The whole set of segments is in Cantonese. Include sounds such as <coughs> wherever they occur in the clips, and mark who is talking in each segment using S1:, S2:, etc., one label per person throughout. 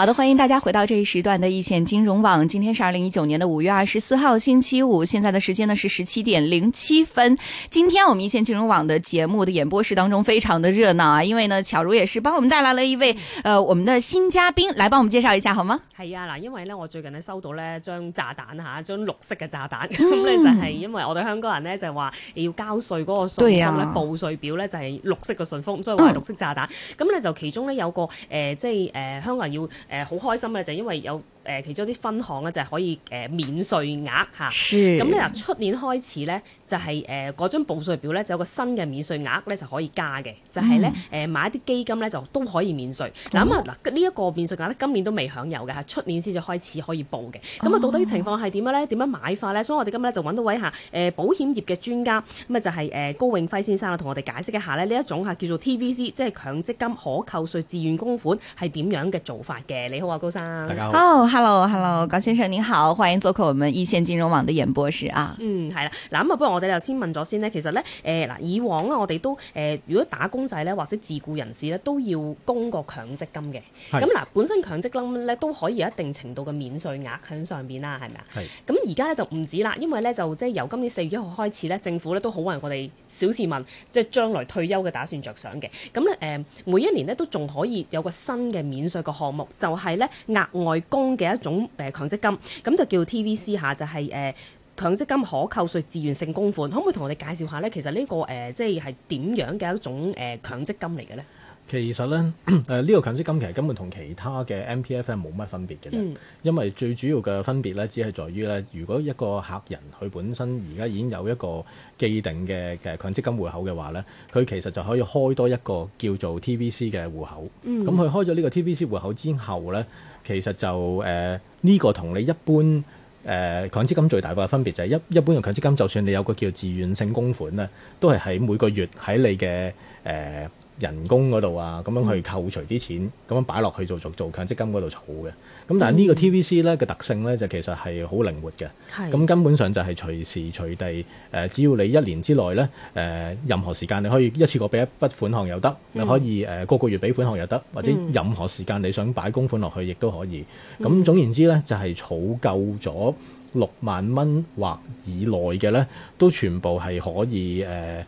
S1: 好的，歡迎大家回到這一時段的一線金融網。今天是二零一九年的五月二十四號，星期五。現在的時間呢是十七點零七分。今天我們一線金融網的節目的演播室當中非常的熱鬧啊，因為呢巧如也是幫我們帶來了一位，呃我們的新嘉賓，來幫我們介紹一下好嗎？
S2: 係、嗯、啊，嗱，嗯、因為呢，我最近呢收到呢張炸彈吓，張綠色嘅炸彈，咁呢， <laughs> 嗯、 <laughs> 就係因為我哋香港人呢，就係、是、話要交稅嗰個稅，信封咧報稅表呢，就係、是、綠色嘅信封，所以話綠色炸彈。咁呢，就其中呢有個誒、呃呃、即係誒、呃呃呃、香港人要。誒，好、呃、開心嘅就因為有。誒，其中啲分行咧就係可以誒免稅額嚇，咁咧嗱，出年開始咧就係誒嗰張報稅表咧就有個新嘅免稅額咧就可以加嘅，嗯、就係咧誒買一啲基金咧就都可以免稅。嗱咁啊嗱，呢一個免稅額咧今年都未享有嘅，係出年先至開始可以報嘅。咁啊、哦，到底情況係點樣咧？點樣買法咧？所以我哋今日咧就揾到位下誒保險業嘅專家，咁啊就係、是、誒高永輝先生啊，同我哋解釋一下咧呢一種嚇叫做 TVC，即係強積金可扣稅自願供款係點樣嘅做法嘅。你好啊，高生。大家好。
S1: Hello，Hello，hello, 高先生你好，歡迎做客我們一線金融網的演播室啊。嗯，
S2: 係啦，嗱咁啊，不如我哋就先問咗先咧。其實咧，誒、呃、嗱，以往咧我哋都誒、呃，如果打工仔咧或者自僱人士咧，都要供個強積金嘅。咁嗱是、嗯，本身強積金咧都可以有一定程度嘅免稅額喺上邊啦，係咪啊？係。咁而家咧就唔止啦，因為咧就即係由今年四月一號開始咧，政府咧都好為我哋小市民即係將來退休嘅打算着想嘅。咁、嗯、咧，誒、嗯、每一年咧都仲可以有個新嘅免稅嘅項目，就係、是、咧額外供嘅一種誒強積金，咁就叫 TVC 嚇、就係，就係誒強積金可扣稅、自願性供款，可唔可以同我哋介紹下呢？其實呢、呢個誒、呃、即係點樣嘅一種誒、呃、強積金嚟
S3: 嘅呢？其實咧，誒、呃、呢、這個強積金其實根本同其他嘅 M P F 係冇乜分別嘅，嗯、因為最主要嘅分別咧，只係在於咧，如果一個客人佢本身而家已經有一個既定嘅嘅強積金戶口嘅話咧，佢其實就可以開多一個叫做 T V C 嘅戶口。咁佢、嗯、開咗呢個 T V C 戶口之後咧，其實就誒呢、呃這個同你一般誒強積金最大嘅分別就係一一般嘅強積金，就算你有個叫自願性供款咧，都係喺每個月喺你嘅誒。呃人工嗰度啊，咁樣去扣除啲錢，咁樣擺落去做做做強積金嗰度儲嘅。咁但係呢個 TVC 咧嘅特性咧，就其實係好靈活嘅。係是。咁根本上就係隨時隨地，誒、呃，只要你一年之內咧，誒、呃，任何時間你可以一次過俾一筆款項又得，嗯、你可以誒個、呃、個月俾款項又得，或者任何時間你想擺公款落去亦都可以。咁、嗯、總言之咧，就係、是、儲夠咗六萬蚊或以內嘅咧，都全部係可以誒、呃、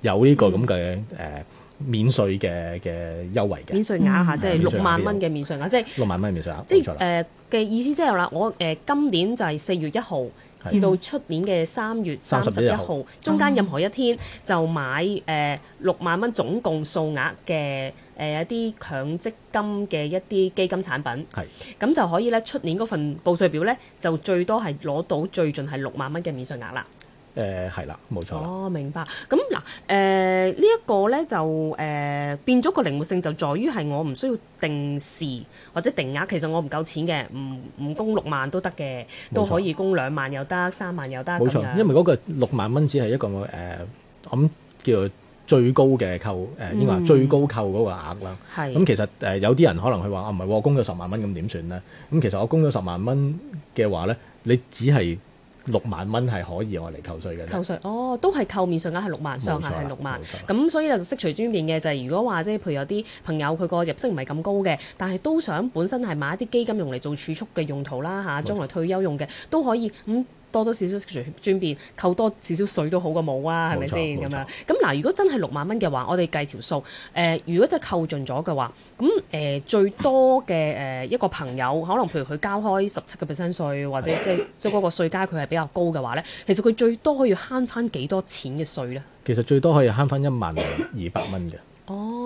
S3: 有呢個咁嘅誒。呃免稅嘅嘅優惠嘅，嗯、免稅額嚇，即係六萬蚊嘅免稅額，即係六萬蚊免稅額，即係誒
S2: 嘅意思即係話，我誒、呃、今年就係四月一號至到出年嘅三月三十一號，30. 中間任何一天就買誒六、呃、萬蚊總共數額嘅誒、呃、一啲強積金嘅一啲基金產品，係咁的就可以咧，出年嗰份報稅表咧就最多係攞到最盡係六萬蚊嘅免稅額啦。
S3: 誒係啦，冇、嗯、錯啦。
S2: 哦，明白。咁嗱，誒、呃這個、呢一個咧就誒變咗個靈活性，就在於係我唔需要定時或者定額。其實我唔夠錢嘅，唔唔供六萬都得嘅，都錯可以供兩萬又得，三萬又得。冇錯，樣因為嗰
S3: 個六萬蚊只係一個誒，我諗、呃、叫做最高嘅扣誒，嗯、應該話最高扣嗰個額啦。係。咁其實誒、呃、有啲人可能佢話啊，唔係，我供咗十萬蚊咁點算咧？咁其實我供咗十萬蚊嘅話咧，你只係。六萬蚊係可以我嚟扣稅嘅，扣
S2: 稅哦，都係扣面上額係六萬，上限係六萬。咁所以便便就識除專變嘅就係，如果話即係譬如有啲朋友佢個入息唔係咁高嘅，但係都想本身係買一啲基金用嚟做儲蓄嘅用途啦嚇，將、啊、來退休用嘅錯都可以咁。嗯多多少少轉轉變，扣多少少稅都好過冇啊，係咪先咁樣？咁嗱，如果真係六萬蚊嘅話，我哋計條數，誒、呃，如果真係扣盡咗嘅話，咁誒、呃、最多嘅誒一個朋友，可能譬如佢交開十七個 percent 稅，或者即係即係嗰個稅加，佢係比較高嘅話咧，其實佢最多可以慳翻幾多錢嘅稅咧？
S3: 其實最多可以慳翻一萬二百蚊嘅。哦。 <coughs>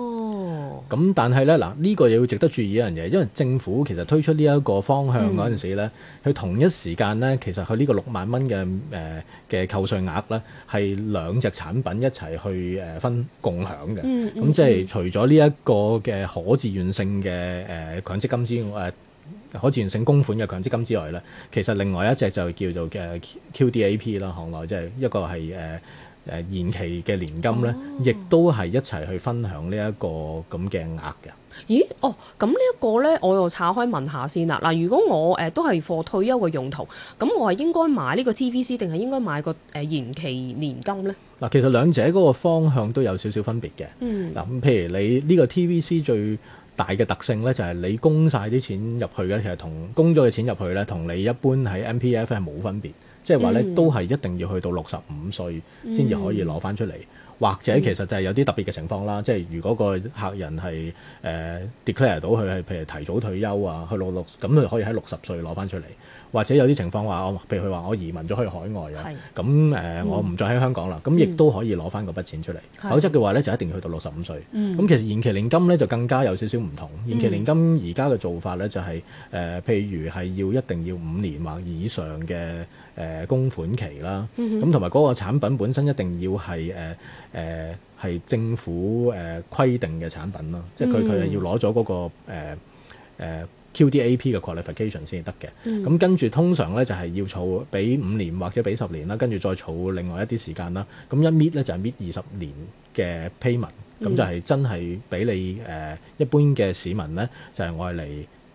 S3: 哦，咁、嗯嗯、但係咧嗱，呢、呢個又要值得注意一樣嘢，因為政府其實推出呢一個方向嗰陣時咧，佢、嗯、同一時間咧，其實佢呢個六萬蚊嘅誒嘅扣稅額咧，係兩隻產品一齊去誒、呃、分共享嘅、嗯。嗯，咁即係除咗呢一個嘅可自願性嘅誒強積金之誒、呃、可自願性供款嘅強積金之外咧，其實另外一隻就叫做嘅 QDAP 啦，行內即係一個係誒。呃誒延期嘅年金呢，哦、亦都係一齊去分享呢一個咁嘅額嘅。
S2: 咦？哦，咁呢一個呢，我又拆開問下先啦。嗱，如果我誒、呃、都係貨退休嘅用途，咁我係應該買呢個 TVC 定係應該買個誒、呃、延期年金呢？
S3: 嗱，其實兩者嗰個方向都有少少分別嘅。嗱、嗯，譬如你呢個 TVC 最大嘅特性呢，就係、是、你供晒啲錢入去嘅，其實同供咗嘅錢入去呢，同你一般喺 MPF 係冇分別。即係話咧，嗯、都係一定要去到六十五歲先至可以攞翻出嚟，嗯、或者其實就係有啲特別嘅情況啦。嗯、即係如果個客人係誒、呃、declare 到佢係譬如提早退休啊，去六六咁，佢就可以喺六十歲攞翻出嚟。或者有啲情況話，我譬如佢話我移民咗去海外啊，咁誒我唔再喺香港啦，咁亦都可以攞翻嗰筆錢出嚟。是否則嘅話呢，就一定要去到六十五歲。咁、嗯、其實延期年金呢，就更加有少少唔同。延期年金而家嘅做法呢，就係、是、誒、呃，譬如係要一定要五年或以上嘅誒、呃、供款期啦。咁同埋嗰個產品本身一定要係誒誒係政府誒、呃、規定嘅產品咯，嗯、即係佢佢要攞咗嗰個誒、呃呃呃 QDAP 嘅 qualification 先至得嘅，咁、嗯、跟住通常咧就係、是、要儲俾五年或者俾十年啦，跟住再儲另外一啲時間啦，咁一搣 e 咧就係搣二十年嘅 payment，咁、嗯、就係真係俾你誒、呃、一般嘅市民咧就係愛嚟。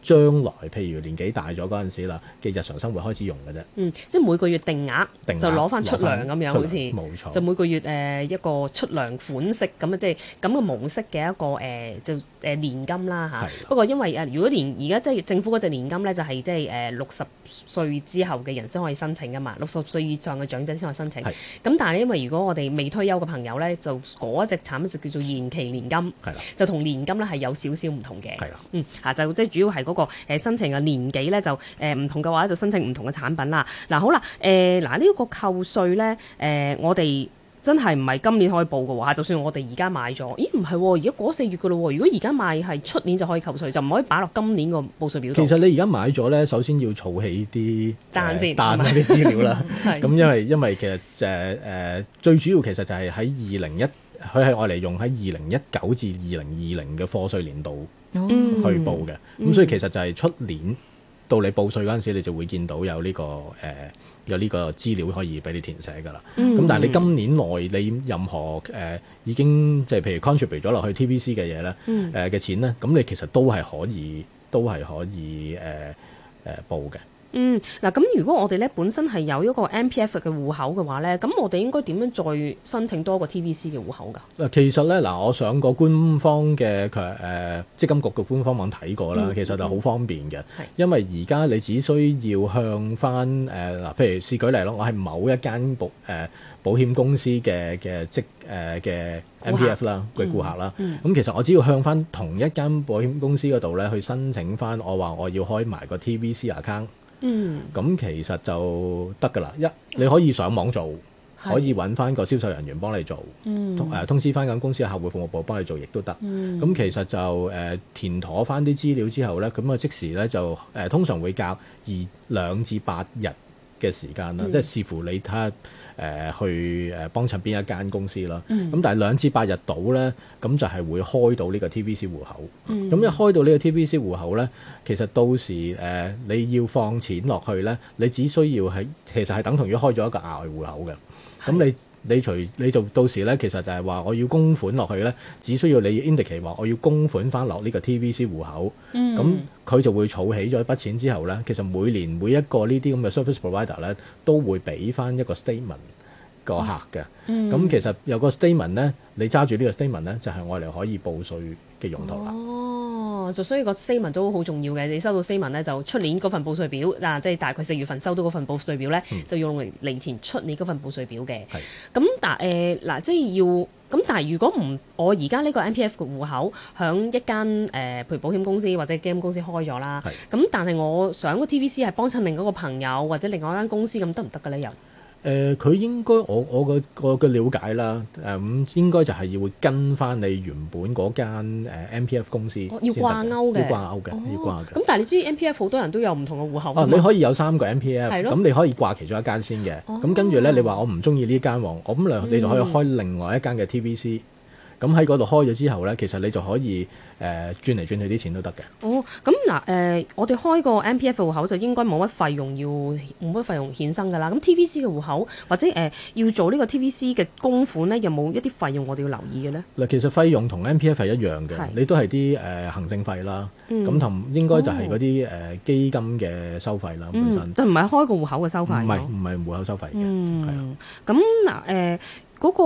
S3: 將來譬如年紀大咗嗰陣時啦嘅日常生活開始用嘅啫。
S2: 嗯，即係每個月定額，就攞翻出糧咁樣，好似冇錯。就每個月誒一個出糧款式咁啊，即係咁嘅模式嘅一個誒就誒年金啦嚇。不過因為誒如果年而家即係政府嗰隻年金咧，就係即係誒六十歲之後嘅人先可以申請噶嘛，六十歲以上嘅長者先可以申請。咁但係因為如果我哋未退休嘅朋友咧，就嗰一隻產品就叫做延期年金，就同年金咧係有少少唔同嘅。係啦，嗯嚇就即係主要係嗰。個誒申請嘅年紀咧就誒唔同嘅話就申請唔同嘅產品啦。嗱好啦，誒嗱呢個扣稅咧，誒、呃、我哋真係唔係今年可以報嘅話，就算我哋而家買咗，咦唔係而家嗰四月嘅咯，哦。如果而家買係出年就可以扣稅，就唔可以擺落今年個報稅表。其實
S3: 你而家買咗咧，首先要儲起啲、呃、單先單嘅資料啦。咁是吧 <laughs> 是因為因為其實誒誒、呃、最主要其實就係喺二零一，佢係我嚟，用喺二零一九至二零二零嘅課稅年度，
S1: Mm hmm. 去報
S3: 嘅，咁所以其實就係出年到你報稅嗰陣時，你就會見到有呢、呢個誒、呃、有呢個資料可以俾你填寫㗎喇。咁、mm hmm. 但係你今年內你任何誒、呃、已經即係譬如 contribute 咗落去 TVC 嘅嘢咧，誒、呃、嘅錢咧，咁你其實都係可以都係可以誒誒、呃、報嘅。
S2: 嗯嗱，咁如果我哋咧本身係有一個 M P F 嘅戶口嘅話咧，咁我哋應該點樣再申請多一個 T V C 嘅戶口㗎？嗱，
S3: 其實咧嗱，我上過官方嘅佢誒積金局嘅官方網睇過啦，嗯、其實就好方便嘅，嗯、因為而家你只需要向翻誒嗱，譬如試舉例咯，我係某一間保誒、呃、保險公司嘅嘅積誒嘅 M P F 啦嘅客、嗯、顧客啦，咁、嗯嗯、其實我只要向翻同一間保險公司嗰度咧去申請翻，我話我要開埋個 T V C account。嗯，咁其實就得噶啦，一你可以上網做，是可以揾翻個銷售人員幫你做，嗯，誒通，、呃、通知翻緊公司嘅客戶服務部幫你做亦都得，嗯，咁其實就誒、呃、填妥翻啲資料之後呢，咁啊即時呢，就誒、呃、通常會較二兩至八日嘅時間啦，嗯、即係視乎你睇。誒去誒幫襯邊一間公司啦，咁、嗯、但係兩至八日到呢，咁就係會開到呢個 TVC 戶口。咁、嗯、一開到呢個 TVC 戶口呢，其實到時誒、呃、你要放錢落去呢，你只需要係其實係等同於開咗一個額外戶口嘅。咁你。你除你就到時咧，其實就係話我要供款落去咧，只需要你 indicate 話我要供款翻落呢個 TVC 戶口，咁佢、嗯、就會儲起咗一筆錢之後咧，其實每年每一個呢啲咁嘅 service provider 咧，都會俾翻一個 statement。個客嘅，咁、嗯嗯、其實有個 statement 呢，你揸住呢個 statement 呢，就係我哋可以報稅嘅用途啦。哦，
S2: 就所以個 statement 都好重要嘅。你收到 statement 咧、啊，就出年嗰份報稅表嗱，即係大概四月份收到嗰份報稅表呢，嗯、就用嚟填出你嗰份報稅表嘅。咁是但係嗱、呃，即係要咁，但係如果唔，我而家呢個 M P F 個戶口喺一間誒、呃，譬如保險公司或者 game 公司開咗啦。咁是但係我想個 T V C 係幫襯另一個朋友或者另外一間公司，咁得唔得嘅咧？又？
S3: 誒佢、呃、應該我我個個個瞭解啦，誒、嗯、咁應該就係要會跟翻你原本嗰間、呃、M P F 公司、哦，要掛鈎嘅，哦、要掛鈎嘅，要掛嘅。
S2: 咁但係你知 M P F 好多人都有唔同嘅戶口、哦、嗎你可以
S3: 有三個 M P F。咁的你可以掛其中一間先嘅，咁跟住咧你話我唔中意呢間喎。我咁你你就可以開另外一間嘅 T V C、嗯。咁喺嗰度開咗之後呢，其實你就可以誒轉嚟轉去啲錢都得嘅。哦，
S2: 咁嗱誒，我哋開個 M P F 戶口就應該冇乜費用，要冇乜費用衍生噶啦。咁 T V C 嘅戶口或者誒、呃、要做呢個 T V C 嘅供款呢，有冇一啲費用我哋要留意嘅呢？
S3: 嗱，其實費用同 M P F 係一樣嘅，你都係啲誒行政費啦、mm hmm. 呃。嗯。咁同應該就係嗰啲誒基金嘅收費啦。本身，就唔係開個戶口嘅收費。唔係唔係戶口收費嘅。嗯。啊。
S2: 咁嗱誒。呃嗰個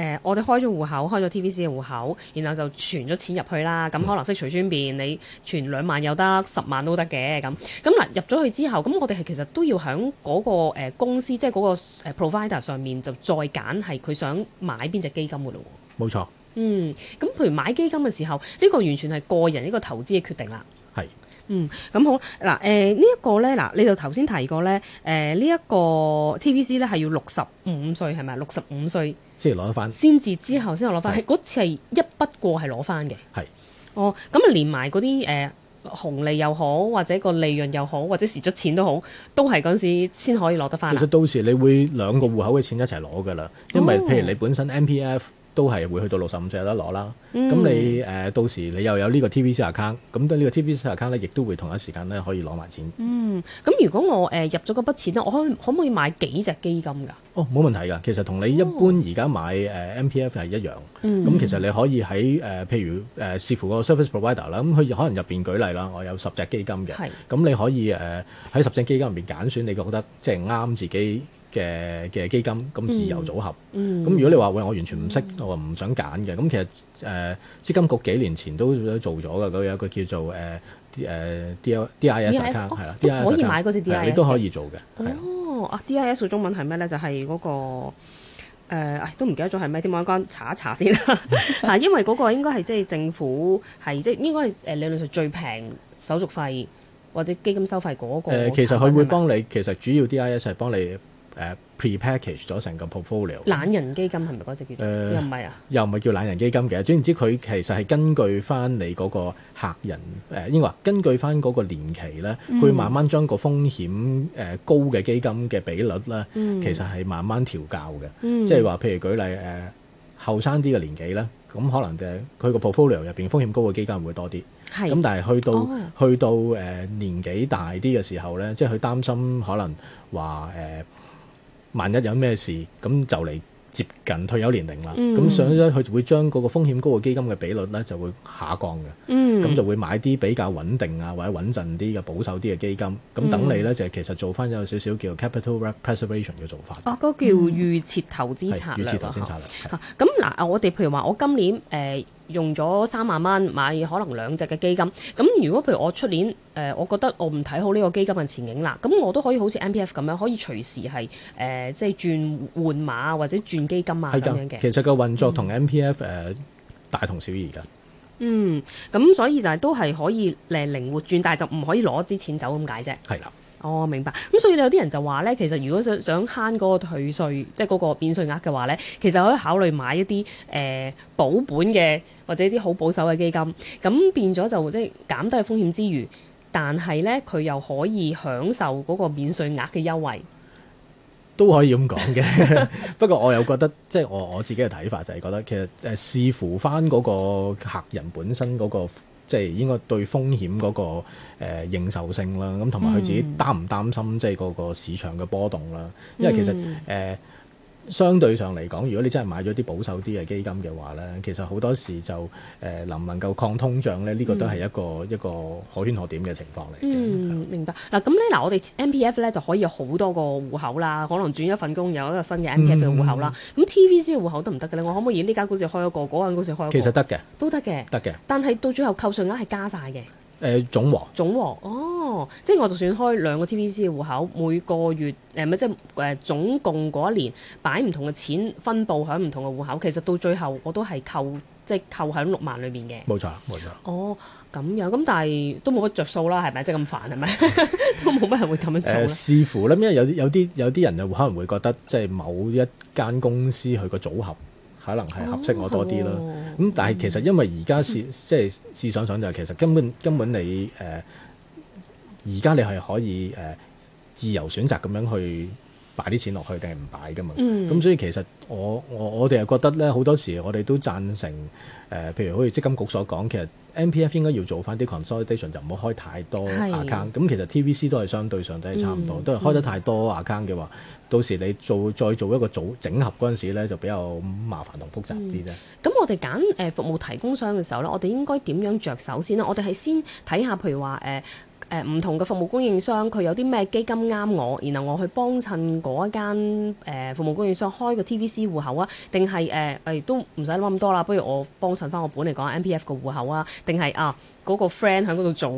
S2: 誒，我哋開咗戶口，開咗 TVC 嘅戶口，然後就存咗錢入去啦。咁可能識隨穿便悉隨尊便，你存兩萬又得，十萬都得嘅。咁咁嗱，入咗去之後，咁我哋係其實都要喺嗰個誒公司，即係嗰個 provider 上面就再揀係佢想買邊隻基金嘅咯。冇錯。嗯，咁譬如買基金嘅時候，呢個完全係個人一個投資嘅決定啦。係。嗯，咁好嗱，誒、呃這個、呢一個咧，嗱你就頭先提過咧，誒、呃這個、呢一個 TVC 咧係要六十五歲係咪？六十五歲先攞得翻，先至之後先攞翻，嗰是次係一筆過係攞翻嘅。係是，哦，咁啊連埋嗰啲誒紅利又好，或者個利潤又好，或者蝕咗錢都好，都係嗰陣時先可以攞得翻。其實
S3: 到時你會兩個戶口嘅錢一齊攞㗎啦，因為譬如你本身 M P F、哦。都係會去到六十五歲有得攞啦。咁、嗯、你誒、呃、到時你又有個 account，個呢個 TVC account，咁對呢個 TVC account 咧，亦都會同一時間咧可以攞埋錢。嗯，
S2: 咁如果我誒、呃、入咗嗰筆錢咧，我可可唔可以買幾隻基金㗎？哦，
S3: 冇問題㗎。其實同你一般而家買誒、呃、M P F 係一樣。咁、哦嗯、其實你可以喺誒、呃、譬如誒、呃、視乎個 service provider 啦，咁佢可能入邊舉例啦，我有十隻基金嘅。咁是你可以誒喺十隻基金入邊揀選，你覺得即係啱自己。嘅嘅基金咁自由組合，咁、嗯、如果你話喂我完全唔識，我話唔想揀嘅，咁其實誒、呃、積金局幾年前都做咗㗎，佢有一個叫做誒啲、呃、D I D, D I S 卡係啦，可以買嗰隻 D I S，你都可以做嘅。
S2: 哦，對啊 D I S 中文係咩咧？就係、是、嗰、那個、呃、都唔記得咗係咩？啲網關查一查先啦，嚇！ <laughs> 因為嗰個應該係即係政府係即係應該係理論上最平手續費或者基金收費嗰、那個、呃。其實佢會幫
S3: 你，嗎其實主要 D I S 係幫你。誒、啊、prepackage 咗成個 portfolio，
S2: 懶人基金係咪嗰隻叫做？呃、又
S3: 唔係啊？又唔係叫懶人基金嘅。總言之，佢其實係根據翻你嗰個客人誒，應該話根據翻嗰個年期咧，佢、嗯、慢慢將個風險誒、呃、高嘅基金嘅比率咧，其實係慢慢調校嘅。嗯、即係話，譬如舉例誒，後生啲嘅年紀咧，咁、嗯、可能誒佢個 portfolio 入邊風險高嘅基金會多啲。係是。咁但係去到、哦、去到誒、呃、年紀大啲嘅時候咧，即係佢擔心可能話誒。萬一有咩事，咁就嚟接近退休年齡啦。咁上咗佢就會將嗰個風險高嘅基金嘅比率咧就會下降嘅。咁、嗯、就會買啲比較穩定啊或者穩陣啲嘅保守啲嘅基金。咁等你咧、嗯、就係其實做翻有少少叫做 capital preservation 嘅做法。哦，
S2: 嗰、嗰個、叫預設投資策略。嗯、預設投資策略。嚇、哦，咁嗱，我哋譬如話，我今年誒。呃用咗三萬蚊買可能兩隻嘅基金，咁如果譬如我出年誒、呃，我覺得我唔睇好呢個基金嘅前景啦，咁我都可以好似 M P F 咁樣，可以隨時係誒、呃、即係轉換碼或者轉基金啊咁的樣嘅。其實
S3: 個運作同 M P F 誒、嗯呃、大同小異噶。嗯，
S2: 咁所以就係都係可以誒靈活轉，但係就唔可以攞啲錢走咁解啫。係啦。我、哦、明白，咁所以咧有啲人就話呢。其實如果想想慳嗰個退稅，即係嗰個免稅額嘅話呢，其實可以考慮買一啲誒、呃、保本嘅或者一啲好保守嘅基金，咁變咗就即係減低風險之餘，但係呢，佢又可以享受嗰個免稅額嘅優惠，
S3: 都可以咁講嘅。 <laughs> <laughs> 不過我又覺得即係、就是、我我自己嘅睇法就係覺得其實誒視乎返嗰個客人本身嗰、那個。即係應該對風險嗰、嗰個誒、呃、認受性啦，咁同埋佢自己擔唔擔心、嗯、即係嗰個市場嘅波動啦，因為其實誒。嗯呃相對上嚟講，如果你真係買咗啲保守啲嘅基金嘅話咧，其實好多時就誒、呃、能唔能夠抗通脹咧？呢、呢個都係一個、嗯、一個一個可圈可點嘅情況嚟
S2: 嘅。嗯，明白。嗱咁咧，嗱我哋 M P F 咧就可以有好多個戶口啦，可能轉一份工有一個新嘅 M P F 嘅戶口啦。咁 T V C 嘅戶口得唔得嘅咧，我可唔可以喺呢間公司開一個，嗰間公司開一個？其實得嘅，都得嘅，得嘅。但係到最後扣稅額係加晒嘅。誒總和總和哦，即係我就算開兩個 TVC 嘅戶口，每個月誒唔、呃、即係誒總共嗰一年擺唔同嘅錢分佈喺唔同嘅戶口，其實到最後我都係扣即係扣喺六萬裏面嘅。
S3: 冇錯，冇錯。
S2: 哦，咁樣，咁但係都冇乜着數啦，係咪即係咁煩係咪？ <laughs> <laughs> 都冇乜人會咁樣做咧。誒、呃，
S3: 視乎咧，因為有有啲有啲人又可能會覺得即係某一間公司佢個組合。可能係合適我多啲啦，咁、哦、但係其實因為而家試即係試想想，就係其實根本根本你誒而家你係可以誒、呃、自由選擇咁樣去。擺啲錢落去定係唔擺㗎嘛？咁、嗯、所以其實我我我哋係覺得咧，好多時我哋都贊成誒、呃，譬如好似積金局所講，其實 M P F 應該要做翻啲 consolidation，就唔好開太多 account。咁是其實 T V C 都係相對上都係差唔多，都係、嗯、開得太多 account 嘅話，嗯、到時你做再做一個組整合嗰陣時咧，就比較麻煩同複雜啲啫。
S2: 咁、嗯、我哋揀誒服務提供商嘅時候咧，我哋應該點樣着手先咧？我哋係先睇下譬如話誒。呃誒唔、呃、同嘅服務供應商，佢有啲咩基金啱我，然後我去幫襯嗰一間誒服務供應商開個 TVC 戶口啊，定係誒誒都唔使諗咁多啦，不如我幫襯返我本嚟講 MPF 嘅戶口啊，定係啊。嗰個 friend 喺嗰度做，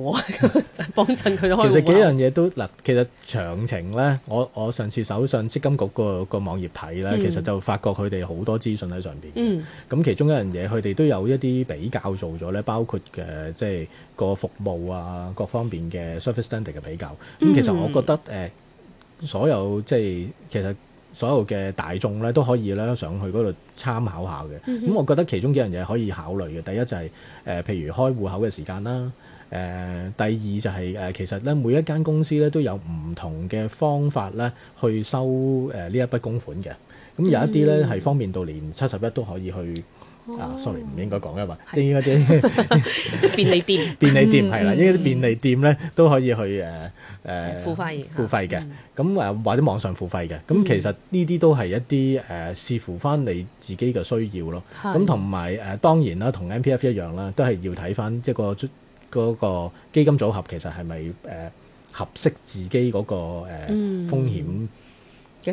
S2: 就幫襯佢開戶。其實幾樣
S3: 嘢都嗱，其實詳情咧，我我上次手上積金局個個網頁睇咧，其實就發覺佢哋好多資訊喺上邊。咁、嗯、其中一樣嘢，佢哋都有一啲比較做咗咧，包括嘅即係個服務啊，各方面嘅 service standard 嘅比較。咁、嗯嗯、其實我覺得誒、呃，所有即係其實。所有嘅大眾咧都可以咧上去嗰度參考下嘅，咁、mm hmm. 嗯、我覺得其中幾樣嘢可以考慮嘅。第一就係、是、誒、呃，譬如開戶口嘅時間啦，誒、呃、第二就係、是、誒、呃，其實咧每一間公司咧都有唔同嘅方法咧去收誒呢、呃、一筆供款嘅，咁、嗯嗯、有一啲咧係方便到連七十一都可以去。Oh. 啊，sorry，唔應該講，因為啲應該即
S2: 便利店， <laughs> 便利店係啦，依啲便
S3: 利店咧都可以去誒誒、呃、付費，付費嘅，咁誒、嗯、或者網上付費嘅，咁其實呢啲都係一啲誒、呃、視乎翻你自己嘅需要咯。咁同埋誒當然啦，同 M P F 一樣啦，都係要睇翻一個出嗰個基金組合其實係咪誒合適自己嗰、那個誒、呃、風險。嗯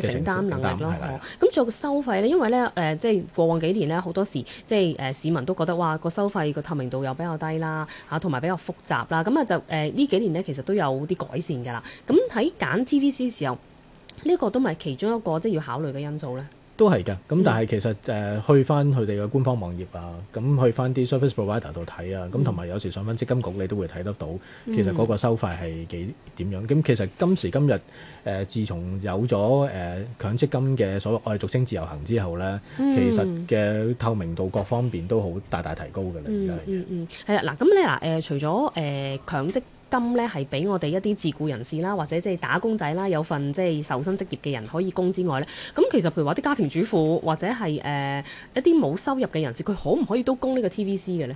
S3: 嘅承擔能力咯，
S2: 咁作擔、啊、收費咧，因為咧誒、呃，即係過往幾年咧，好多時即係誒、呃、市民都覺得哇，個收費個透明度又比較低啦，嚇同埋比較複雜啦，咁啊就誒呢、呃、幾年咧，其實都有啲改善㗎啦。咁喺揀 TVC 時候，呢、這個都係其中一個即係要考慮嘅因素咧。
S3: 都係噶，咁但係其實誒、呃、去翻佢哋嘅官方網頁啊，咁去翻啲 service provider 度睇啊，咁同埋有時上翻積金局你都會睇得到，其實嗰個收費係幾點、嗯、樣？咁其實今時今日誒、呃，自從有咗誒、呃、強積金嘅所謂，我哋俗稱自由行之後咧，嗯、其實嘅透明度各方面都好大大提高嘅啦，而
S2: 家係。嗯嗯，係啦的，嗱咁咧嗱誒，除咗誒、呃、強積金咧係俾我哋一啲自僱人士啦，或者即係打工仔啦，有份即係受薪職業嘅人可以供之外咧，咁其實譬如話啲家庭主婦或者係誒、呃、一啲冇收入嘅人士，佢可唔可以都供個呢個 TVC 嘅咧？
S3: 誒、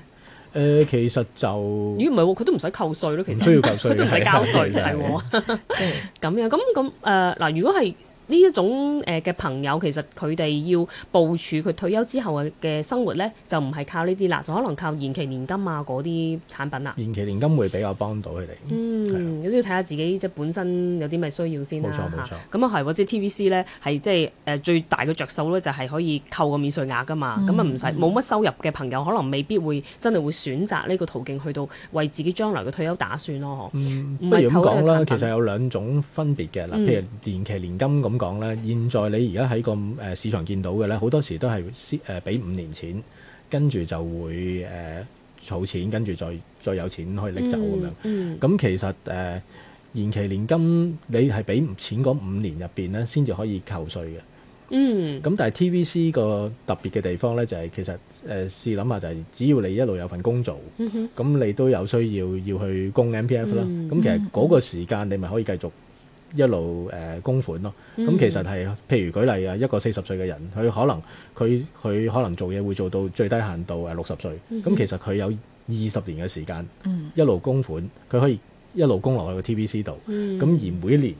S3: 呃，其實就咦，
S2: 唔係喎，佢都唔使扣稅咯，其實唔需要扣稅，佢唔使交稅係喎。咁樣咁咁誒嗱，如果係。呢一種誒嘅、呃、朋友，其實佢哋要部署佢退休之後嘅生活咧，就唔係靠呢啲啦，就可能靠延期年金啊嗰啲產品啦。延
S3: 期年金會比較幫到佢哋。嗯，
S2: 都要睇下自己即係本身有啲咩需要先，冇錯冇錯嚇。咁啊係，或者 TVC 咧，係即係誒最大嘅着數咧，就係、是、可以扣個免稅額噶嘛。咁啊唔使，冇乜收入嘅朋友，可能未必會真係會選擇呢個途徑去到為自己將來嘅退休打算咯。不如咁講啦，
S3: 其實有兩種分別嘅嗱，譬如延期年金咁、嗯。嗯嗯講咧，現在你而家喺個誒市場見到嘅咧，好多時都係先誒俾五年錢，跟住就會誒、呃、儲錢，跟住再再有錢可以拎走咁樣。咁、嗯嗯、其實誒、呃、延期年金，你係俾錢嗰五年入邊咧，先至可以扣稅嘅。嗯。咁但係 TVC 個特別嘅地方咧，就係、是、其實誒、呃、試諗下，就係只要你一路有份工做，咁、嗯嗯、你都有需要要去供 MPF 啦。咁、嗯嗯、其實嗰個時間你咪可以繼續。一路誒、呃、供款咯，咁、嗯、其實係譬如舉例啊，一個四十歲嘅人，佢可能佢佢可能做嘢會做到最低限度誒六十歲，咁、嗯、其實佢有二十年嘅時間、嗯、一路供款，佢可以一路供落去個 TVC 度，咁、嗯、而每一年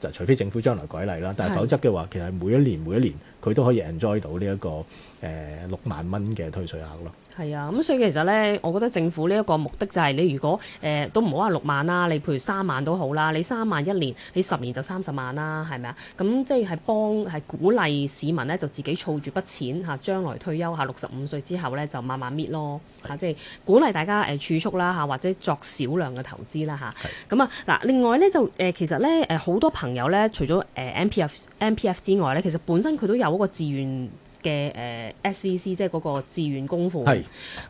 S3: 就除非政府將來改例啦，但係否則嘅話，是其實每一年每一年佢都可以 enjoy 到呢、這、一個誒六、呃、萬蚊嘅退稅額咯。
S2: 係啊，咁所以其實咧，我覺得政府呢一個目的就係你如果誒、呃、都唔好話六萬啦，你譬如三萬都好啦，你三萬一年，你十年就三十萬啦，係咪啊？咁即係係幫係鼓勵市民咧就自己儲住筆錢嚇，將來退休下六十五歲之後咧就慢慢搣咯嚇，即、啊、係、就係、鼓勵大家誒、呃、儲蓄啦嚇，或者作少量嘅投資啦吓，咁啊嗱是的、啊，另外咧就誒、呃、其實咧誒好多朋友咧，除咗誒、呃、M P F M P F 之外咧，其實本身佢都有一個自願。嘅誒 SVC 即係嗰個自願供款，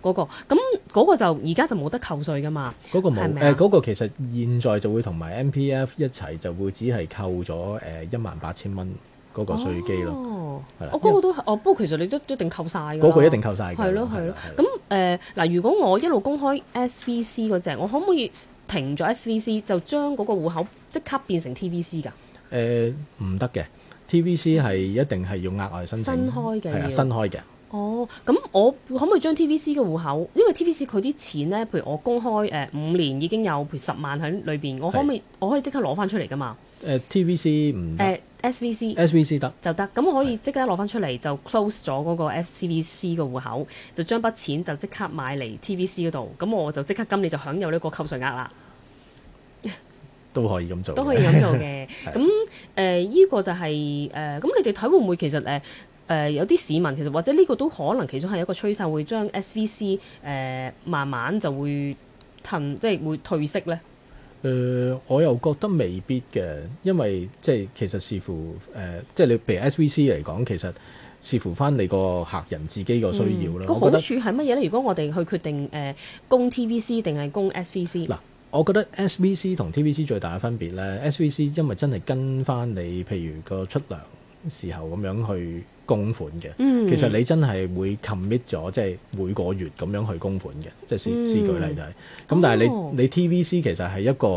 S2: 嗰個咁嗰個就而家就冇得扣稅噶嘛。嗰個冇誒，嗰、呃嗰
S3: 個其實現在就會同埋 MPF 一齊就會只係扣咗誒一萬八千蚊嗰個稅基咯。哦，係啦，我嗰個
S2: 都係哦，不過其實你都一定扣晒㗎啦。嗰個一定扣晒。係咯係咯。咁誒嗱，如果我一路公開 SVC 嗰隻，我可唔可以停咗 SVC 就將嗰個戶口即刻變成 TVC 噶？
S3: 誒唔得嘅。TVC 係一定係要額外申請新，新開嘅。
S2: 係啊，新開嘅。哦，咁我可唔可以將 TVC 嘅戶口？因為 TVC 佢啲錢咧，譬如我公開誒五年已經有十萬喺裏邊，我可唔可以是我可以即刻攞翻出嚟噶嘛？
S3: 誒 TVC 唔誒
S2: SVC，SVC 得就得。咁我可以即刻攞翻出嚟，就 close 咗嗰個 SVC 嘅戶口，就將筆錢就即刻買嚟 TVC 嗰度。咁我就即刻今年就享有呢個扣稅額啦。
S3: 都可以咁做， <laughs> 都可以咁做嘅。
S2: 咁誒，依、呃呢個就係、是、誒，咁、呃、你哋睇會唔會其實誒誒、呃、有啲市民其實或者呢個都可能其實係一個趨勢，會將 SVC 誒、呃、慢慢就會褪，即係會退色咧。
S3: 誒、呃，我又覺得未必嘅，因為即係其實視乎誒、呃，即係你譬如 SVC 嚟講，其實視乎翻你個客人自己個需要啦。個、嗯、好處
S2: 係乜嘢咧？如果我哋去決定誒供、呃、TVC 定係供 SVC？
S3: 我覺得 SVC 同 TVC 最大嘅分別咧，SVC、嗯、因為真係跟翻你，譬如個出糧時候咁樣去供款嘅，嗯、其實你真係會 commit 咗，即係每個月咁樣去供款嘅，即係先舉例就係。咁、嗯、但係你、哦、你 TVC 其實係一個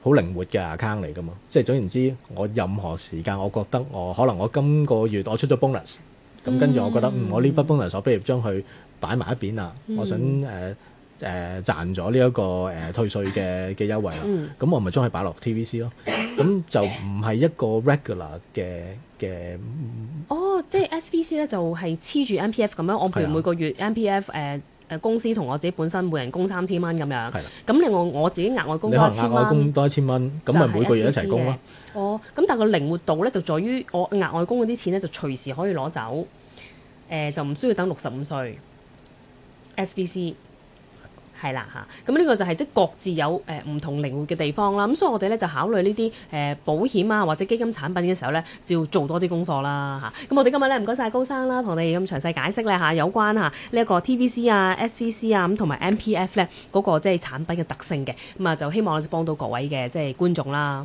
S3: 好靈活嘅 account 嚟噶嘛，即係總言之，我任何時間我覺得我可能我今個月我出咗 bonus，咁跟住我覺得嗯我呢筆 bonus 我不如將佢擺埋一邊啦，我想誒。嗯嗯誒、呃、賺咗呢一個誒、呃、退稅嘅嘅優惠啦，咁我咪將佢擺落 TVC 咯，咁就唔係一個 regular 嘅嘅。
S2: 哦，即係 SVC 咧就係黐住 MPF 咁樣，的我譬如每個月 MPF 誒、呃、誒公司同我自己本身每人供三千蚊咁樣，係啦的。咁另外我自己額外供多一千蚊，你可能額外供
S3: 多一千蚊，咁咪每個月一齊供咯。
S2: 哦，咁但係個靈活度咧就在於我額外供嗰啲錢咧就隨時可以攞走，誒、呃、就唔需要等六十五歲 SVC。SV 係啦嚇，咁呢個就係即各自有誒、呃、唔同靈活嘅地方啦。咁、嗯、所以我哋咧就考慮呢啲誒保險啊或者基金產品嘅時候咧，就要做多啲功課啦嚇。咁我哋今日咧唔該晒高生啦，同你咁詳細解釋咧嚇有關嚇呢一個 TVC 啊 SVC 啊咁、嗯、同埋 MPF 咧嗰個即係產品嘅特性嘅，咁、嗯、啊就希望幫到各位嘅即係觀眾啦。